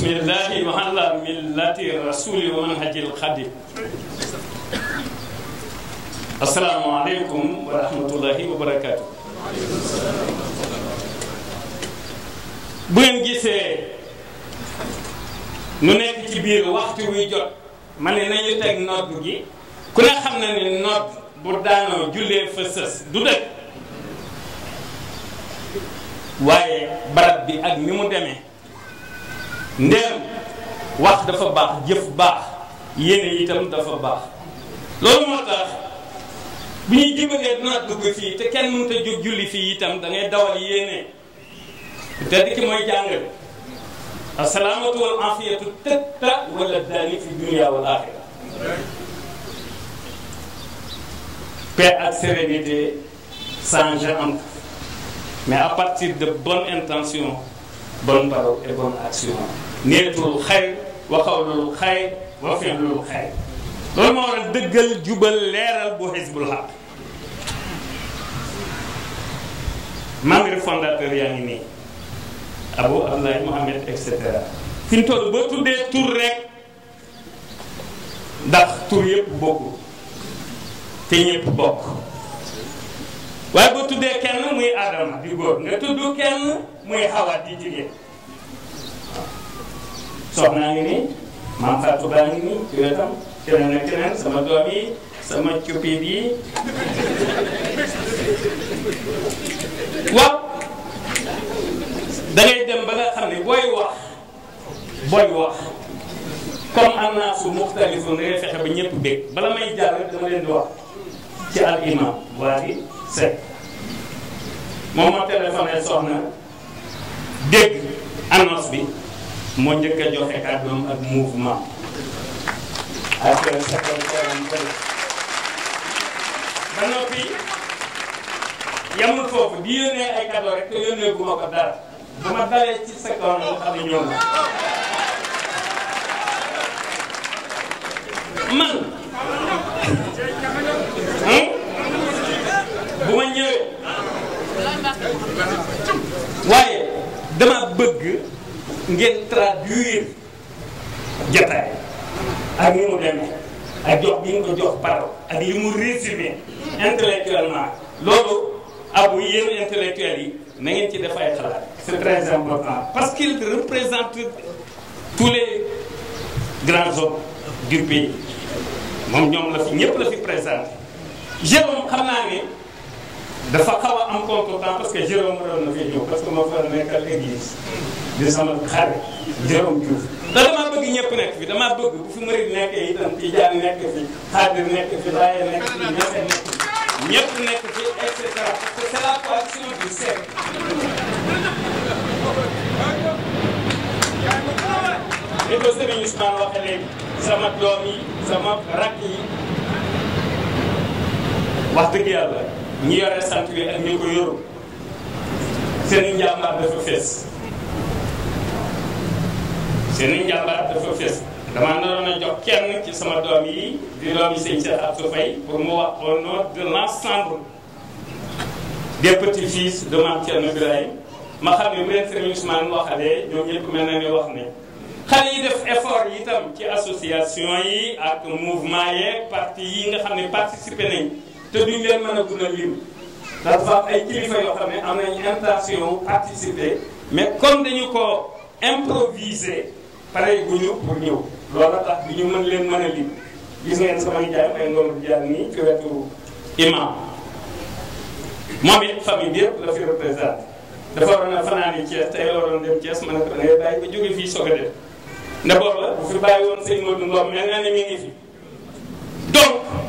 bismillahi wa ala millati rasuli wa manhajil xadim bu ngeen gisee nu nekk ci biir waxtu wuy jot ma ne nañu teg nodd gi ku ne xam na ne nodd bu daanoo jullee fa du dëkk waaye barab bi ak ni mu demee ndeem wax dafa baax jëf baax yéene itam dafa baax loolu moo tax bu ñuy dimbalee dinaa dugg fii te kenn mënut a jóg julli fii itam da ngay dawal yéene tedd ki mooy jàngale asalaamatu wal afiyatu tëtta wala daani fi dunia wal axira paix ak sérénité sans jeu mais à partir de bonnes intentions bonne parole et bonne action niyatul xayr wa xawlul xayr wa fi'lul xayr loolu moo dëggal jubal leeral bu xisbul xaq membre fondateur yaa nii Abou Abdoulaye Mohamed et cetera fi mu toll boo tuddee tur rek ndax tur yëpp bokku te ñëpp bokk waaye boo tuddee kenn muy Adama di góor nga tudd kenn muy Hawa di jigéen soxnaa ngi nii maam Fatou baa nii ci wetam keneen ak keneen sama doom yi sama cuppiit yi waaw da dem ba nga xam ne booy wax booy wax comme am naa su muxtalifun da ngay fexe ba ñëpp bég bala may jàll dama leen di wax ci al imam waa moom moo téléphoné soxna dégg annonce bi moo njëkk a joxe kàddoom ak ak secrétaire am bëri ba foofu di yónnee ay cadeau rek te yónnee gu ma dara bu ma ci secteur nga xam ñoom man waaye dama bëgg ngeen traduire jotaay ak ni mu demee ak jox bi nga ko jox parole ak li mu résumé intellectuellement loolu abu yéen intellectuels yi na ngeen ci def ay xalaat c'est très important parce qu'il représente tous les grands hommes du pays moom ñoom la fi ñëpp la fi présenté je xam naa ne dafa xaw a am contretemps parce que Jérôme waroon na fi ñëw parce que ma fa nekkal église di sama xarit Jérôme Diouf da damaa bëgg ñëpp nekk fi damaa bëgg bu fi murid nekkee itam tijaan nekk fi xaadir nekk fi laaye nekk fi ñese nekk fi ñëpp nekk fi et cetera parce que c'est la coalition du siècle li sama doom yi sama rakk yi wax dëgg ñi yore sant bi ak ñi ko yoru seeni njàmbaar dafa fees seeni njàmbaar dafa fees damaa naroon a jox kenn ci sama doom yi di doom yi sëñ Cheikh Abdou Faye pour mu wax au nom de l'ensemble des petits de Mame Thierno Birahim ma xam ne bu leen sëriñ Ousmane waxalee ñoom ñëpp mel na ni wax ne xale yi def effort yi itam ci association yi ak mouvement yeeg parti yi nga xam ne participé nañ te duñ leen mën a guddal lim dafa ay kilifa yoo xam ne am nañ intention participer mais comme dañu ko improviser pare guñu pour ñëw loola tax bi ñu mën leen mën a lim gis ngeen sama nijaayam ay ngoon jaar nii ci wetu imam moom it famille bi yëpp la fi représenté dafa a fanaan yi Thiès tey la waroon dem Thiès ma ne ko da ngay ba jóge fii soog a def nde boobu la bu fi bàyyi woon sëñ Modou Ngom mel na ne mi ngi fi donc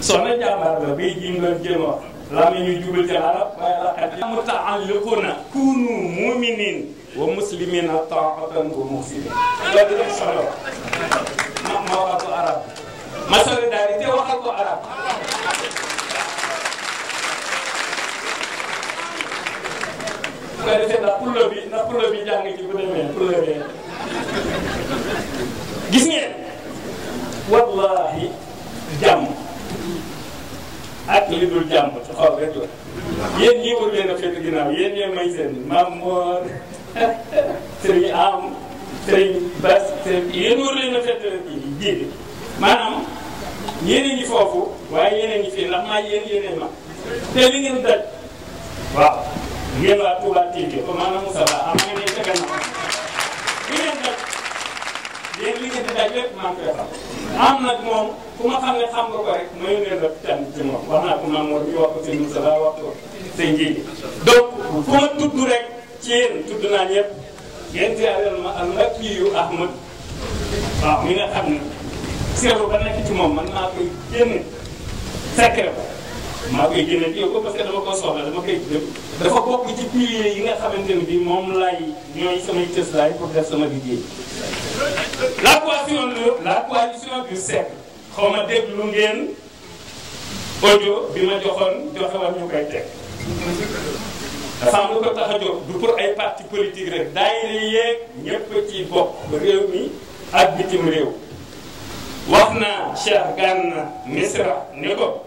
soxna jàmbaar la bay ji nga jéem a wax laa ma ñu jubal ci arab waaye laqad mutaalliquna kunu muminin wa muslimina taatan wa muxsinin loolu rek soxla ma ma waxal ko arab ma solidarité waxal ko arab bu ko defee ndax pullo bi ndax pullo bi jàng ci bu demee pullo bi xol rek la yéen ñii war leen a fekk ginnaaw yéen ñee may seen maam Mor sëriñ Am sëriñ Bas sëriñ yéen war leen a fekk jiite maanaam yéen a ngi foofu waaye yéen a ngi fii ndax maa yéen yéen a ma te li ngeen daj waaw ngeen waa Touba Tické ko maanaam Moussa Ba am nga ne ca gannaaw li ngeen léegi li ngeen di daj lépp maa ngi koy xam am nag moom ku ma xam ne nga ko rek ma yónnee la can ci moom wax naa ko maam moo ñu wax ko sëñ Moussa wax ko sëñ Ndiéli donc ku ma tudd rek ci yéen tudd naa mi nga xam ne seetlu ba nekk ci moom man naa koy génn fekke maa koy génne téye ko parce que dama ko soxla dama koy dafa bokk ci piliers yi nga xamante bi moom laay ñooy samay cëslaay pour def sama liggéey. la coalition la coalition du siècle xaw ma déglu ngeen audio bi ma joxoon joxe war ñu koy teg. ko tax a du pour ay parti politique rek daayira yeeg ñëpp ci bokk réew mi ak bitim réew. wax na Cheikh Gana Misra ne ko.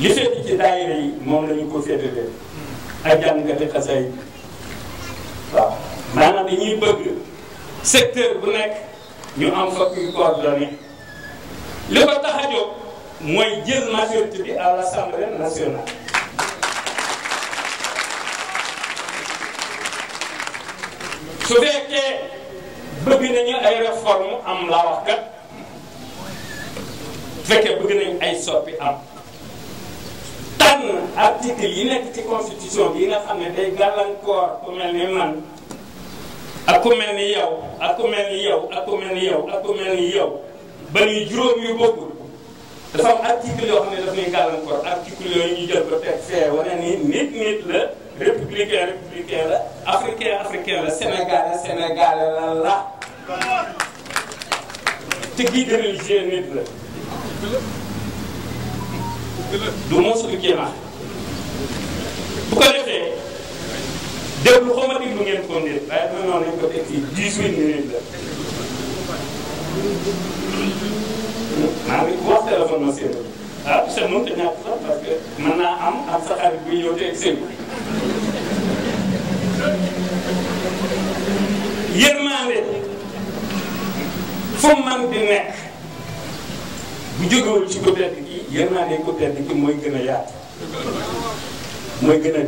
li féete ci daayira yi moom la ñu ko féetete hmm. ak jàngkati xasay waaw maanaam dañuy bëgg secteur bu nekk ñu am fa kuy coordonné li ko tax a jóg mooy jël majorité bi à l'Assemblée nationale su fekkee bëgg nañu ay réforme am laa wax kat fekkee bëgg nañ ay soppi am benn article yi nekk ci constitution bi yi nga xam ne day gàllankoor ku mel ni man ak mel ni yow ak ku mel ni yow ak ku mel ni yow ak mel ni yow ba ñuy juróom yu bokkul dafa am article yoo xam ne daf ñuy gàllankoor article yooyu ñu jël ko teg fee wane nit nit la républicain républicain la africain africain la sénégalais sénégalais la la te guide religieux nit la du mos du jéem bu ko defee déglu xaw ma ngeen ko ndéet waaye dama noonu lañ ko teg ci 18 minutes la. maa ngi wax téléphone ma séeréer ah c' est non te ñàkk sax parce que mën naa am am sa xarit buy ñëw teg seen yërmande fu man di nekk bu jógewul ci ko tedd yërmande ku tedd ki mooy gën a yaatu mooy gën a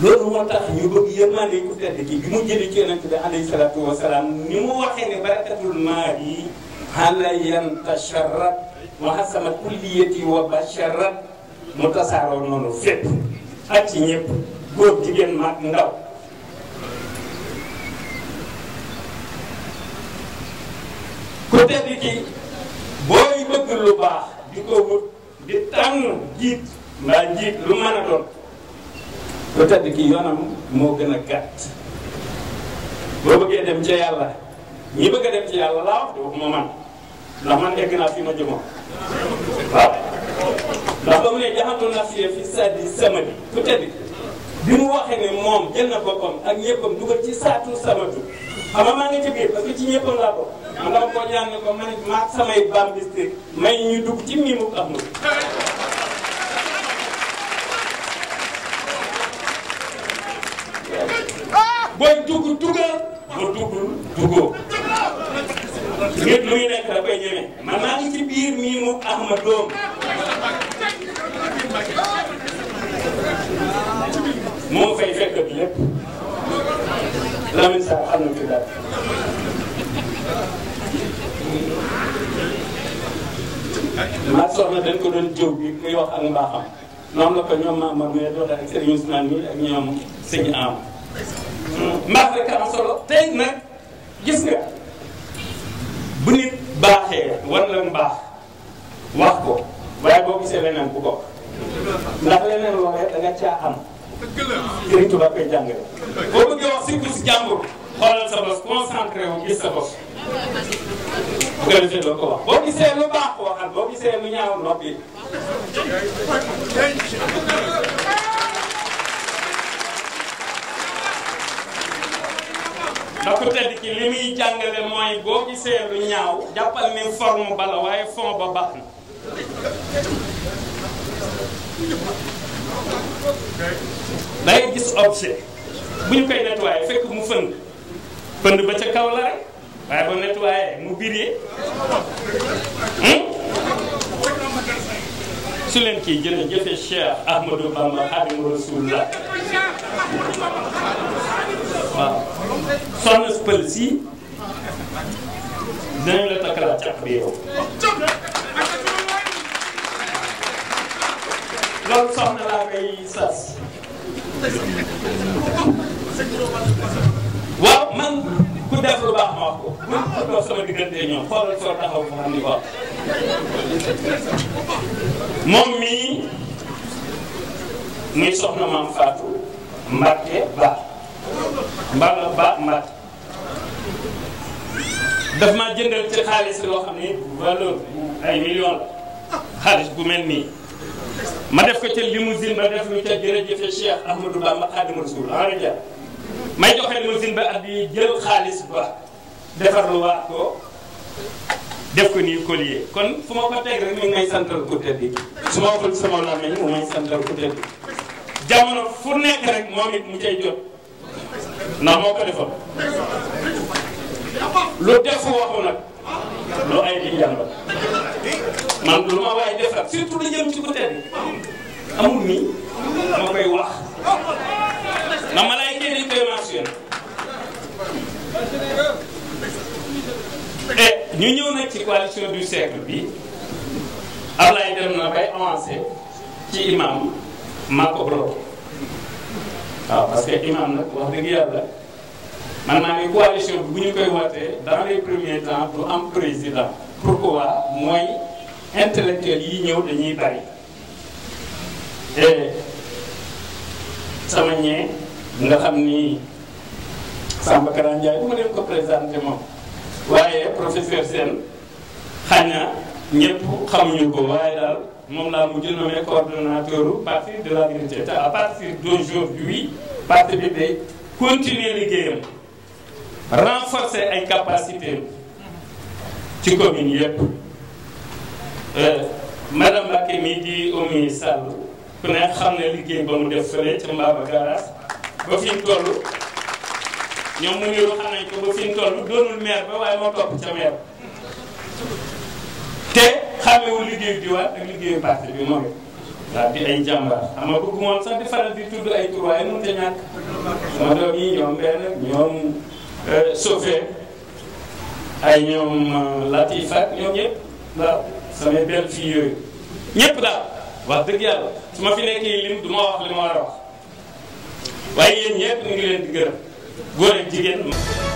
durable tax ñu bëgg yërmande ku tedd ki bi mu jëlee ci yonent bi alayhi salaatu ni mu waxee ne barakatul maar yi xala yantasharat wa hasamat kulliyati wa basharat mu tasaaroo mag ndaw ku ki bëgg lu baax di ko wut di tànn jiit mbaa jiit lu mën a doon lu tedd ki yoonam moo gën a gàtt boo bëggee dem ca yàlla ñi bëgg a dem ci yàlla laa wax di waxuma man ndax man egg naa fi ma jëmoon waaw ndax ba mu ne jaxantu nafsiya fi saddi samadi ku tedd bi mu waxee ne moom jël na boppam ak ñëppam dugal ci saatu samatu xam nga maa ngi ci biir parce que ci ñëpp laa bokk. ma dama ko ñaan ne ko man it maak samay bambistik may ñu dugg ci miimu Ahmadu. booy dugg duggal ba duggul duggoo. nit lu muy nekk da koy ñeme. man maa ngi ci biir miimu Ahmadu doom. moo fay fekk bi lépp. Lamine Sarr xam nañ ci dara maa soxna dañ ko doon jëw bi muy wax ak mbaaxam noonu la ko ñoom Maamar mais doon ak Serigne Ousmane mi ak ñoom sëñ Am. mbaax rek am solo tey nag gis nga bu nit baaxee war la mbaax wax ko waaye boo gisee leneen bu ko ndax leneen loo rek da nga caa am. Serigne Touba gis sa bopp bu boo gisee lu ñaaw noppi. ndax ku tedd ki li muy jàngale mooy boo gisee lu ñaaw jàppal ni forme bala waaye fond ba baax na. day gis objet. bu ñu koy nettoyé fekk mu fënd fënd ba ca kaw la rek waaye ba nettoyé mu biree hmm? su leen kii jërëjëfe Cheikh Ahmadou Bamba Xaadimu Rasulullah waaw soxna si pël si dinañ la takkalaat càq bi yow loolu soxna laa koy sas waaw man ku def baax ma wax ku dox sama diggante ñoom xoolal soo taxaw fa xam ni ko moom mii muy soxna maam Fatou Mbacke Ba Mballa Ba daf ma jëndal ci xaalis loo xam ni valeur million xaalis bu mel nii ma def ko ca limousine ba def lu ca jërëjëfe Cheikh Ahmadou Bamba Xaadimu Rasuul enradia may joxe limousine ba at bi jël xaalis ba defar lu waat ko def ko nii collier kon fu ma ko teg rek mi ngi may santal ku tedd mu may santal ku tedd bi jamono fu nekk rek moom it mu cay jot ndax moo ko defal lu def waxu nag lu ay di jàmbat man lu ma waaye defal surtout lu jëm ci côté bi amul nii ma koy wax na malaayka yi dañ koy mentionné e ñu ñëw nag ci coalition du siècle bi Ablaye dem na bay avancé ci imam maa ko bloqué waaw parce que imam nag wax dëgg yàlla man maa ne coalition bi bu ñu koy wootee dans les premiers temps du am président pourquoi mooy intellectuel yi ñëw dañuy bari te sama ñee nga xam ni Samba Kara Ndiaye bu ma ko présenté waaye professeur Sène xañ na ñëpp xamuñu ko waaye daal moom laa mujj nommé coordonnateur parti de l'agriculture te à partir d'aujourd'hui parti bi day continuer liggéeyam renforcer ay capacités ci commune yëpp Euh, madame Mbacké mi di Oumy Sall ku ne xam ne liggéey ba mu def fële ca Mbaba Garaas ba fi mu toll ñoom mu ngi xam nañ ko ba fi mu toll doonul ba waaye moo topp ca maire te xàmmewu liggéeyu diwaat ak liggéeyu parti bi moom waaw di ay jàmbaar xam nga bëgg moom sax di faral ay tur waaye mënut a ma doom yi ñoom benn ñoom euh, ay ñoom euh, Latifa ñoom ñëpp samay belle fii yooyu ñëpp daal wax dëgg yàlla su ma fi nekkee lim du ma wax li ma war a wax waaye yéen ñëpp ñu ngi leen di gërëm góor ak jigéen.